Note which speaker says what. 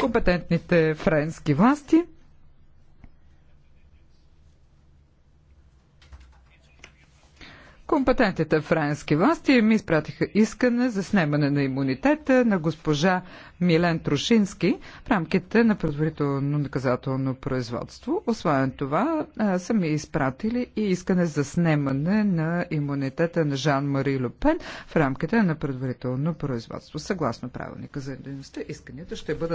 Speaker 1: компетентните френски власти Компетентните френски власти ми изпратиха искане за снемане на имунитета на госпожа Милен Трушински в рамките на предварително наказателно производство. Освен това, са ми изпратили и искане за снемане на имунитета на Жан-Мари Люпен в рамките на предварително производство. Съгласно правилника
Speaker 2: за дейността, исканията ще бъдат